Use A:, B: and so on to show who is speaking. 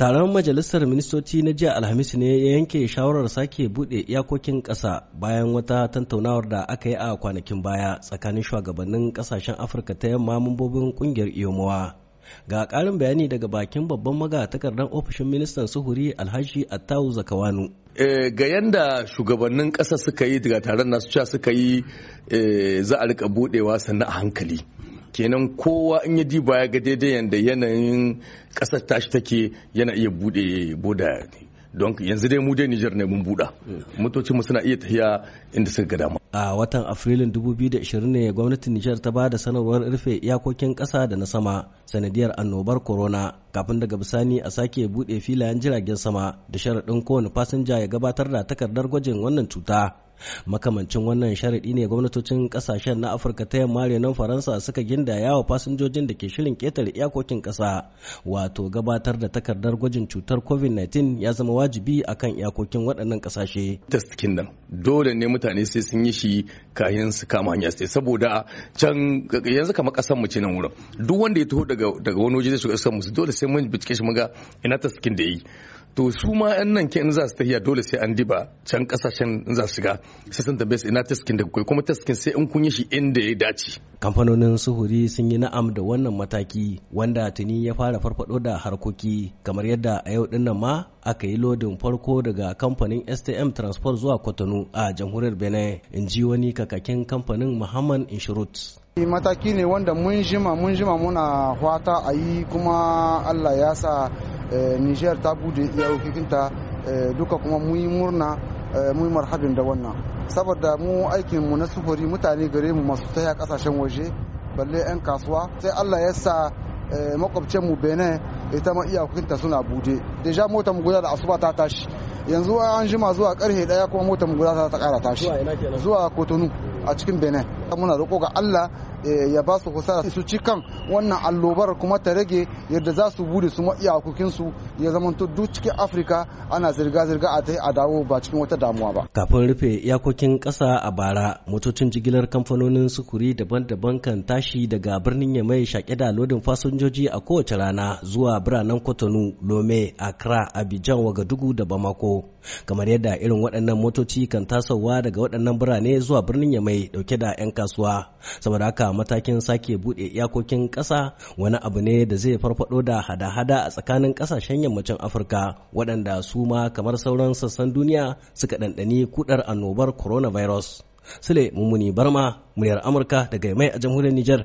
A: Taron majalisar ministoci na jiya Alhamis ne ya yanke shawarar sake buɗe iyakokin ƙasa bayan wata tantaunawar da aka yi a kwanakin baya tsakanin shugabannin ƙasashen Afirka ta yamma mambobin ƙungiyar Iyomowa. Ga ƙarin bayani daga bakin babban magatakardar ofishin ministan suhuri Alhaji Attahu Zakawanu.
B: Eh, ga yadda shugabannin ƙasa suka yi daga taron nasu cewa suka yi eh, za a rika buɗewa sannan a hankali. kenan kowa in ya diba ya ga daidai yadda yanayin ƙasar tashi take yana iya buɗe boda don yanzu dai mu dai Nijar ne mun buɗa motocin mu suna iya tafiya inda suka ga dama
A: a watan afrilun 2020 ne gwamnatin Nijar ta ba da sanarwar rufe iyakokin ƙasa da na sama sanadiyar annobar corona kafin daga bisani a sake buɗe filayen jiragen sama da sharaɗin kowane fasinja ya gabatar da takardar gwajin wannan cuta makamancin wannan sharaɗi ne gwamnatocin ƙasashen na afirka ta yamma renon faransa suka gindaya wa fasinjojin da ke shirin ƙetare iyakokin ƙasa wato gabatar da takardar gwajin cutar covid-19 ya zama wajibi akan iyakokin waɗannan ƙasashe
B: testikin nan dole ne mutane sai sun yi shi kayan su kama hanya sai saboda can yanzu kamar ƙasar mu ce nan wurin duk wanda ya taho daga wani waje zai shiga ƙasar mu dole sai mun bincike shi muga ina testikin da yi to su ma 'yan nan ke in za su tafiya dole sai an diba can ƙasashen in za su shiga sai sun tambaye ina taskin da kai kuma taskin sai in kun yi shi inda ya dace kamfanonin
A: suhuri sun yi na'am da wannan mataki wanda tuni ya fara farfado da harkoki kamar yadda a yau dinnan ma aka yi lodin farko daga kamfanin stm transport zuwa kwatano a jamhuriyar benin in ji wani kakakin kamfanin muhammad inshurut
C: mataki ne wanda mun jima mun jima muna fata a yi kuma allah ya sa eh, niger ta bude iyakokinta eh, duka kuma mun yi murna Eh, mu marhabin da wannan saboda mu aikin mu na sufuri mutane gare mu masu taya kasashen waje balle 'yan kasuwa sai allah ya sa eh, makwabcin mu benin ita ma iyakokinta suna bude deja mota mu guda da asuba ta tashi yanzu an jima zuwa karfe daya kuma mota mu guda ta kara tashi zuwa kotonu a cikin bene. muna roƙo ga Allah eh, ya ba su kusa su ci kan wannan allobar kuma ta rage yadda za su bude su iyakokinsu ya zamanto duk cikin afirka ana zirga-zirga a ta a dawo ba cikin wata damuwa ba
A: kafin rufe iyakokin ƙasa a bara motocin jigilar kamfanonin sukuri daban-daban kan tashi daga birnin yamai shaƙe da lodin fasinjoji a kowace rana zuwa biranen kotonu lome accra abidjan wagadugu da bamako kamar yadda irin waɗannan motoci kan tasowa daga waɗannan birane zuwa birnin yamai dauke da 'yan kasuwa saboda haka matakin sake bude iyakokin ƙasa wani abu ne da zai farfado da hada-hada a tsakanin ƙasashen yammacin afirka waɗanda su ma kamar sauran sassan duniya suka ɗanɗani kudar annobar coronavirus sule mummuni barma muryar amurka daga mai a jamhuriyar nijar.